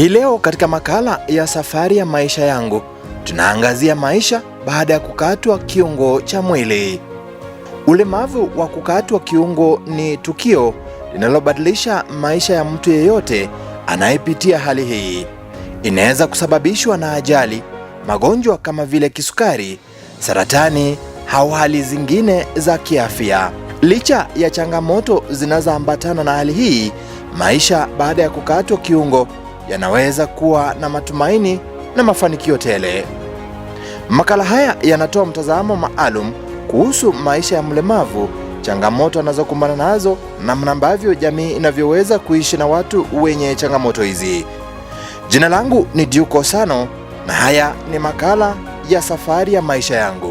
Hii leo katika makala ya safari ya maisha yangu tunaangazia maisha baada ya kukatwa kiungo cha mwili. Ulemavu wa kukatwa kiungo ni tukio linalobadilisha maisha ya mtu yeyote anayepitia hali hii. Inaweza kusababishwa na ajali, magonjwa kama vile kisukari, saratani au hali zingine za kiafya. Licha ya changamoto zinazoambatana na hali hii, maisha baada ya kukatwa kiungo yanaweza kuwa na matumaini na mafanikio tele. Makala haya yanatoa mtazamo maalum kuhusu maisha ya mlemavu, changamoto anazokumbana nazo, namna ambavyo jamii inavyoweza kuishi na watu wenye changamoto hizi. Jina langu ni Duke Osano na haya ni makala ya safari ya maisha yangu.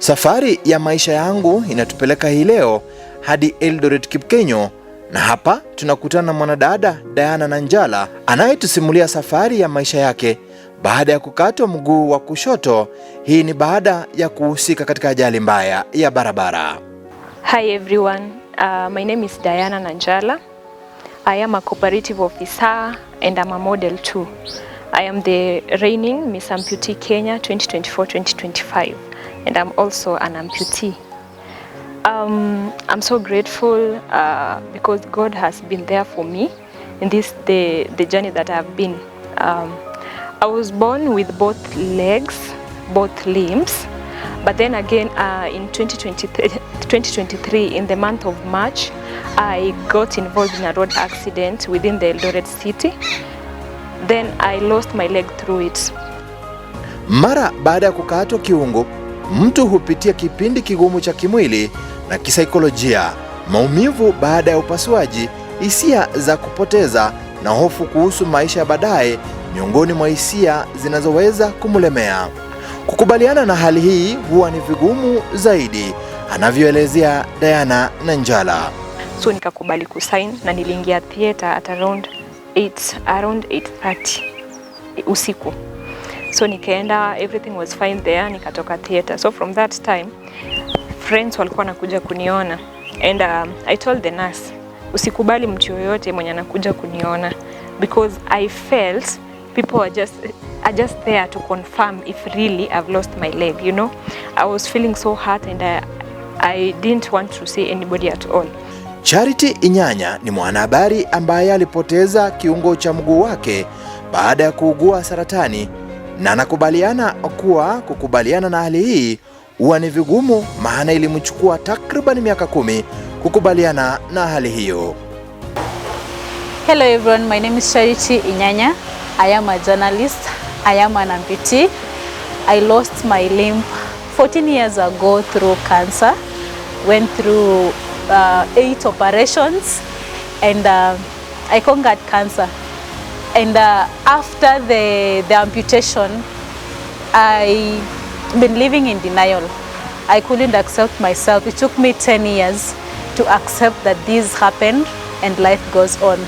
Safari ya maisha yangu inatupeleka hii leo hadi Eldoret Kipkenyo, na hapa tunakutana na mwanadada Diana Nanjala anayetusimulia safari ya maisha yake baada ya kukatwa mguu wa kushoto. Hii ni baada ya kuhusika katika ajali mbaya ya barabara. Hi everyone. Uh, my name is Diana Nanjala. I am a cooperative officer and I'm a model too. I am the reigning Miss Amputee Kenya 2024-2025 and I'm also an amputee. Um, I'm so grateful uh, because God has been there for me in this the, the journey that I've been. Um, I was born with both legs, both limbs, but then again uh, in 2023, 2023, in the month of March, I got involved in a road accident within the Eldoret city. Then I lost my leg through it. Mara baada ya kukatwa kiungo mtu hupitia kipindi kigumu cha kimwili na kisaikolojia, maumivu baada ya upasuaji, hisia za kupoteza na hofu kuhusu maisha ya baadaye, miongoni mwa hisia zinazoweza kumlemea. Kukubaliana na hali hii huwa ni vigumu zaidi, anavyoelezea Diana Nanjala. So nikakubali kusign na niliingia theater at around 8 around 8:30 usiku. So nikaenda, everything was fine there, nikatoka theater. So from that time friends walikuwa nakuja kuniona and um, I told the nurse usikubali mtu yoyote mwenye anakuja kuniona because I felt people are just are just there to confirm if really I've lost my leg you know I was feeling so hurt and I, I didn't want to see anybody at all Charity Inyanya ni mwanahabari ambaye alipoteza kiungo cha mguu wake baada ya kuugua saratani na anakubaliana kuwa kukubaliana na hali hii huwa ni vigumu, maana ilimchukua takriban miaka kumi kukubaliana na hali hiyo. Hello everyone, my name is Charity Inyanya. I am a journalist. I am an amputee. I lost my limb 14 years ago through cancer. Went through uh, eight operations and uh, I conquered cancer and uh, after the, the amputation I been living in denial I couldn't accept myself it took me 10 years to accept that this happened and life goes on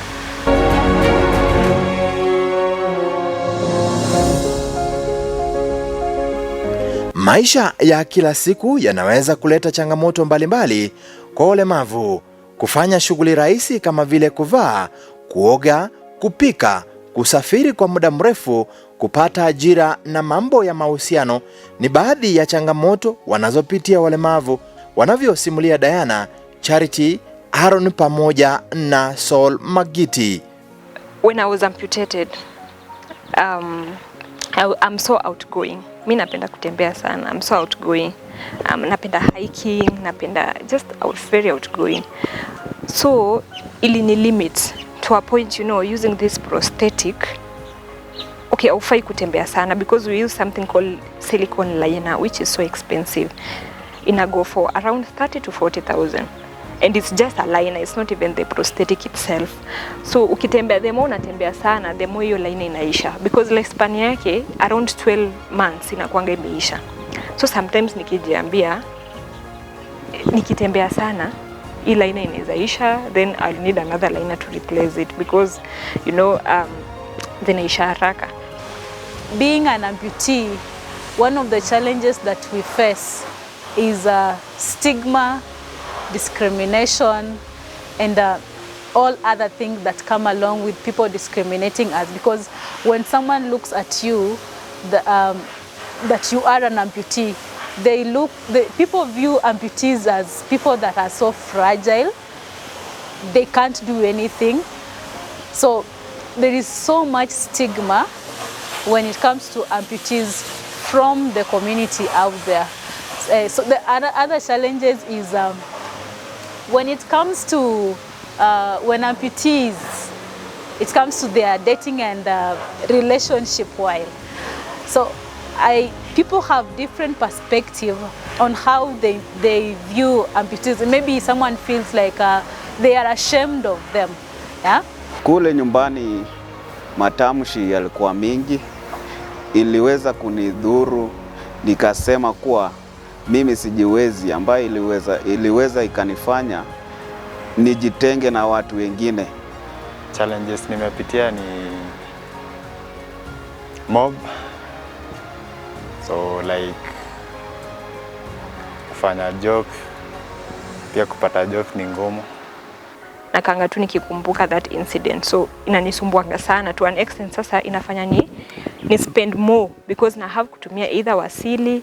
Maisha ya kila siku yanaweza kuleta changamoto mbalimbali mbali kwa ulemavu. Kufanya shughuli rahisi kama vile kuvaa, kuoga, kupika kusafiri kwa muda mrefu, kupata ajira na mambo ya mahusiano ni baadhi ya changamoto wanazopitia walemavu, wanavyosimulia Diana, Charity, Aaron pamoja na Saul Magiti. When I was amputated, um, I, I'm so outgoing. Mi napenda kutembea sana. I'm so outgoing. Um, napenda hiking, napenda just very outgoing. So ili ni limit to a point you know using this prosthetic okay aufai kutembea sana because we use something called silicone liner which is so expensive ina go for around 30 to 40000 and it's just a liner it's not even the prosthetic itself so ukitembea the more unatembea sana the more hiyo liner inaisha because lifespan yake around 12 months inakuanga imeisha so sometimes nikijiambia nikitembea sana hii liner inawezaisha then I'll need another liner to replace it because you know um, zinaisha haraka. Being an amputee, one of the challenges that we face is uh, stigma, discrimination and uh, all other things that come along with people discriminating us because when someone looks at you the, um, that you are an amputee they look, the, people view amputees as people that are so fragile, they can't do anything. So there is so much stigma when it comes to amputees from the community out there. Uh, so the other, other challenges is um, when it comes to uh, when amputees, it comes to their dating and uh, relationship while. So I, people have different perspective on how they, they view amputees. Maybe someone feels like uh, they are ashamed of them. Yeah? Kule nyumbani matamshi yalikuwa mingi, iliweza kunidhuru, nikasema kuwa mimi sijiwezi, ambayo iliweza, iliweza ikanifanya nijitenge na watu wengine. Challenges nimepitia ni mob so like kufanya job pia kupata job ni ngumu na kanga tu nikikumbuka that incident, so inanisumbuanga sana to an extent. Sasa inafanya ni, ni spend more because na have kutumia either wasili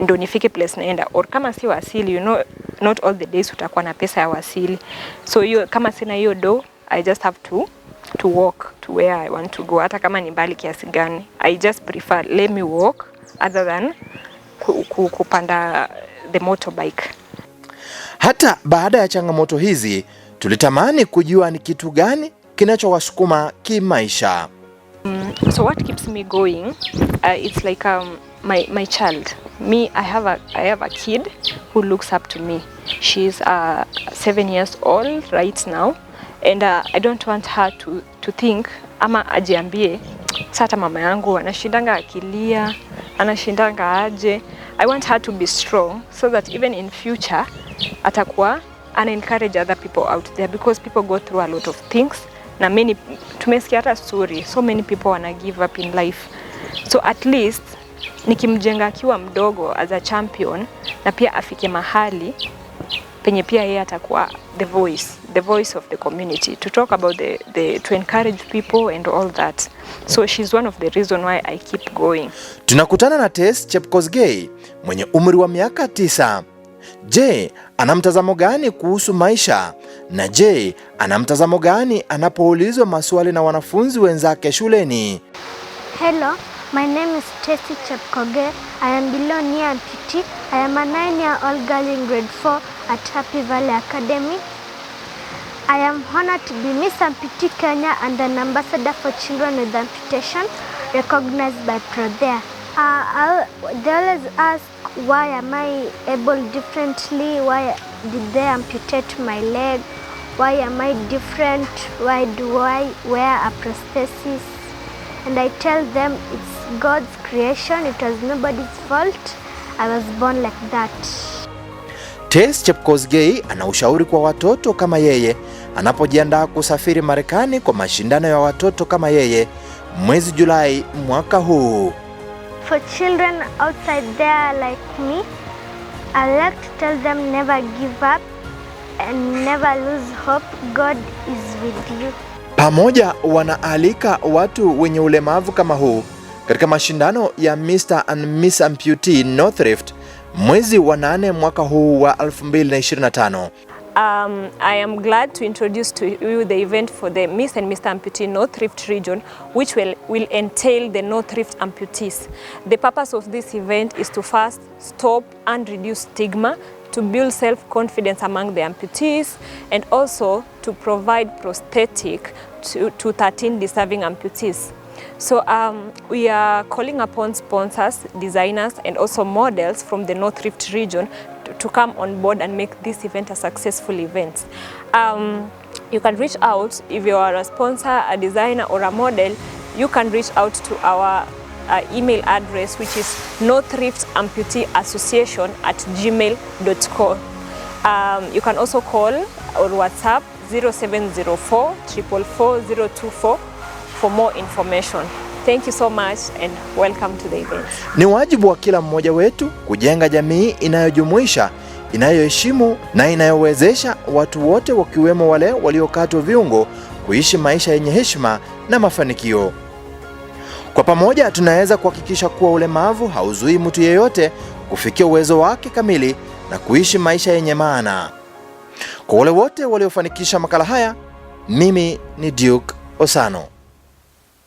ndo nifike place naenda, or kama si wasili, you know, not all the days utakuwa na pesa ya wasili. So hiyo kama sina hiyo do, I just have to to walk to where I want to go, hata kama ni mbali kiasi gani. I just prefer let me walk other than kupanda the motorbike. Hata baada ya changamoto hizi, tulitamani kujua ni kitu gani kinachowasukuma kimaisha. Mm, so what keeps me going uh, it's like um, my, my child me I have, a, I have a kid who looks up to me she's uh, seven years old right now and uh, I don't want her to, to think ama ajiambie sata mama yangu anashindanga akilia anashindanga aje. I want her to be strong so that even in future atakuwa ana encourage other people out there because people go through a lot of things na many, tumesikia hata story so many people wana give up in life, so at least nikimjenga akiwa mdogo as a champion na pia afike mahali penye pia yeye atakuwa the voice the voice of the community to talk about the, the to encourage people and all that so she's one of the reason why I keep going. Tunakutana na tes Chepkosgei mwenye umri wa miaka tisa. Je, ana mtazamo gani kuhusu maisha? Na je, ana mtazamo gani anapoulizwa maswali na wanafunzi wenzake shuleni? Hello, my name is tesi Chepkoge. I am below near PT. I am a 9 year old girl in grade 4 at Happy Valley Academy. I am honored to be Miss Ampiti Kenya and an ambassador for children with amputation recognized by Prodea. Uh, they always ask why am I able differently? Why did they amputate my leg? Why am I different? Why do I wear a prosthesis? And I tell them it's God's creation. It was nobody's fault. I was born like that. Tess Chepkosgei ana ushauri kwa watoto kama yeye anapojiandaa kusafiri Marekani kwa mashindano ya watoto kama yeye mwezi Julai mwaka huu. For children outside there like me, I like to tell them never give up and never lose hope. God is with you. Pamoja wanaalika watu wenye ulemavu kama huu katika mashindano ya Mr and Miss Amputee Northrift mwezi wa nane mwaka huu wa 2025. Um, I am glad to introduce to you the event for the Miss and Mr. Amputee North Rift region, which will, will entail the North Rift amputees. The purpose of this event is to first stop and reduce stigma, to build self-confidence among the amputees, and also to provide prosthetic to, to 13 deserving amputees. So um, we are calling upon sponsors, designers, and also models from the North Rift region to come on board and make this event a successful event. Um, you can reach out if you are a sponsor, a designer or a model, you can reach out to our uh, email address which is association at gmail.com. Um, you can also call or WhatsApp 0704 444024 for more information. Thank you so much and welcome to the event. Ni wajibu wa kila mmoja wetu kujenga jamii inayojumuisha, inayoheshimu na inayowezesha watu wote wakiwemo wale waliokatwa viungo kuishi maisha yenye heshima na mafanikio. Kwa pamoja tunaweza kuhakikisha kuwa ulemavu hauzui mtu yeyote kufikia uwezo wake kamili na kuishi maisha yenye maana. Kwa wale wote waliofanikisha makala haya, mimi ni Duke Osano.